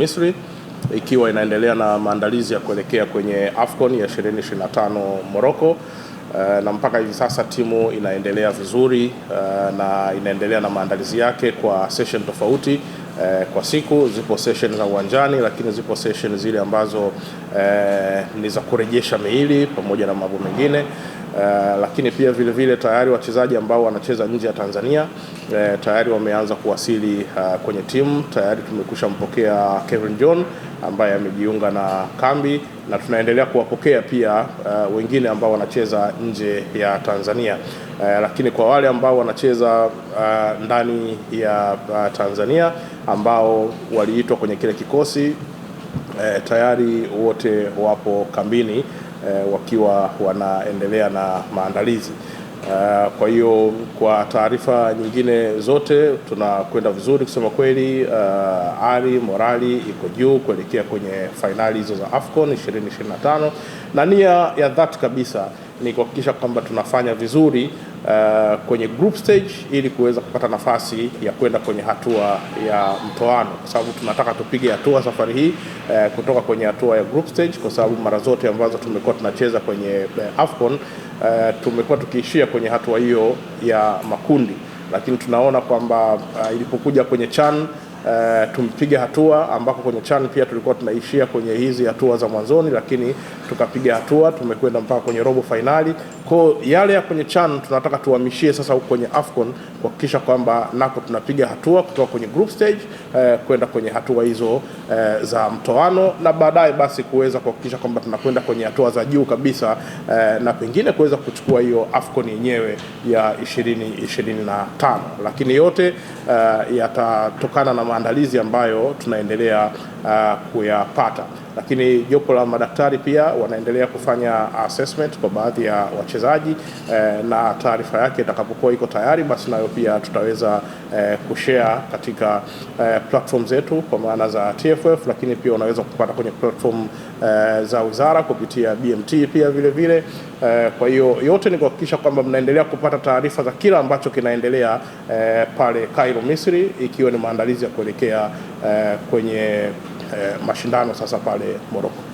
Misri ikiwa inaendelea na maandalizi ya kuelekea kwenye AFCON ya 2025 Morocco. Uh, na mpaka hivi sasa timu inaendelea vizuri uh, na inaendelea na maandalizi yake kwa session tofauti uh, kwa siku. Zipo session za uwanjani, lakini zipo session zile ambazo uh, ni za kurejesha miili pamoja na mambo mengine. Eh, lakini pia vile vile tayari wachezaji ambao wanacheza nje ya Tanzania e, tayari wameanza kuwasili uh, kwenye timu. Tayari tumekusha mpokea Kevin John ambaye amejiunga na kambi na tunaendelea kuwapokea pia uh, wengine ambao wanacheza nje ya Tanzania uh, lakini kwa wale ambao wanacheza uh, ndani ya uh, Tanzania ambao waliitwa kwenye kile kikosi uh, tayari wote wapo kambini eh, wakiwa wanaendelea na maandalizi. Uh, kwa hiyo kwa taarifa nyingine zote tunakwenda vizuri kusema kweli. Uh, eh, ari morali iko juu kuelekea kwenye fainali hizo za AFCON 2025 na nia ya dhati kabisa ni kuhakikisha kwamba tunafanya vizuri uh, kwenye group stage ili kuweza kupata nafasi ya kwenda kwenye hatua ya mtoano, kwa sababu tunataka tupige hatua safari hii uh, kutoka kwenye hatua ya group stage, kwa sababu mara zote ambazo tumekuwa tunacheza kwenye uh, Afcon uh, tumekuwa tukiishia kwenye hatua hiyo ya makundi, lakini tunaona kwamba uh, ilipokuja kwenye CHAN Eh, tumpiga hatua ambako kwenye CHAN pia tulikuwa tunaishia kwenye hizi hatua za mwanzoni, lakini tukapiga hatua, tumekwenda mpaka kwenye robo fainali. Kwa yale ya kwenye CHAN tunataka tuhamishie sasa huko kwenye AFCON kuhakikisha kwamba nako tunapiga hatua kutoka kwenye group stage uh, kwenda kwenye hatua hizo uh, za mtoano na baadaye basi kuweza kuhakikisha kwamba tunakwenda kwenye hatua za juu kabisa uh, na pengine kuweza kuchukua hiyo AFCON yenyewe ya 2025 lakini yote uh, yatatokana na maandalizi ambayo tunaendelea uh, kuyapata, lakini jopo la madaktari pia wanaendelea kufanya assessment kwa baadhi ya wachezaji eh, na taarifa yake itakapokuwa iko tayari, basi nayo pia tutaweza eh, kushare katika eh, platform zetu kwa maana za TFF, lakini pia unaweza kupata kwenye platform eh, za wizara kupitia BMT pia vile vile eh, kwa hiyo yote ni kuhakikisha kwamba mnaendelea kupata taarifa za kila ambacho kinaendelea eh, pale Cairo Misri, ikiwa ni maandalizi ya kuelekea eh, kwenye eh, mashindano sasa pale Morocco.